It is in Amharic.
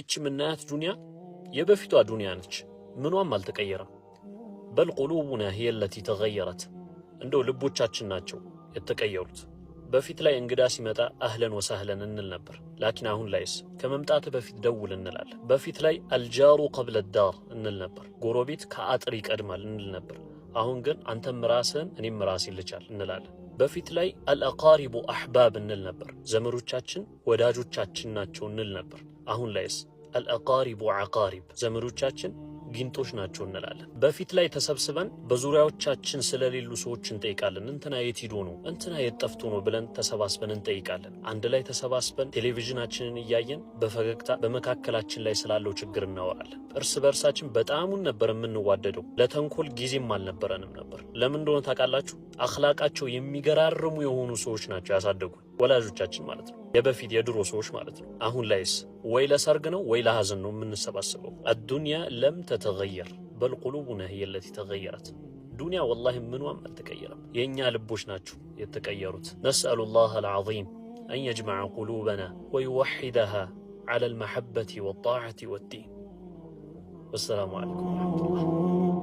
እቺ ምናያት ዱንያ የበፊቷ ዱንያ ነች። ምኗም አልተቀየረም። በል ቁሉቡና ሂየ ለቲ ተገየረት፣ እንደው ልቦቻችን ናቸው የተቀየሩት። በፊት ላይ እንግዳ ሲመጣ አህለን ወሳህለን እንል ነበር። ላኪን አሁን ላይስ ከመምጣት በፊት ደውል እንላለን። በፊት ላይ አልጃሩ ቀብለ ዳር እንል ነበር። ጎረቤት ከአጥር ይቀድማል እንል ነበር። አሁን ግን አንተም ራስህን እኔም ራሴን ይልቻል እንላለን። በፊት ላይ አልአቃሪቡ አሕባብ እንል ነበር። ዘመዶቻችን ወዳጆቻችን ናቸው እንል ነበር። አሁን ላይስ አልአቃሪቡ አቃሪብ ዘመዶቻችን ጊንጦች ናቸው እንላለን። በፊት ላይ ተሰብስበን በዙሪያዎቻችን ስለሌሉ ሰዎች እንጠይቃለን። እንትና የት ሂዶ ነው፣ እንትና የት ጠፍቶ ነው ብለን ተሰባስበን እንጠይቃለን። አንድ ላይ ተሰባስበን ቴሌቪዥናችንን እያየን በፈገግታ በመካከላችን ላይ ስላለው ችግር እናወራለን። እርስ በእርሳችን በጣሙን ነበር የምንዋደደው። ለተንኮል ጊዜም አልነበረንም ነበር። ለምን እንደሆነ ታውቃላችሁ? አኽላቃቸው የሚገራርሙ የሆኑ ሰዎች ናቸው ያሳደጉን። ወላጆቻችን ማለት ነው፣ የበፊት የድሮ ሰዎች ማለት ነው። አሁን ላይስ ወይ ለሰርግ ነው ወይ ለሀዘን ነው የምንሰባሰበው። አዱንያ ለም ተተገየር በል ቁሉቡና ሂየ ለቲ ተገየረት። ዱንያ ወላሂ ምኗም አልተቀየረም። የእኛ ልቦች ናቸው የተቀየሩት። ነስአሉ ላህ አልዓዚም አን የጅመዐ ቁሉበና ወይወሒደሃ ዐላ አልመሐበቲ ወጣዓቲ ወዲን። ወሰላሙ አለይኩም ወረሕመቱላህ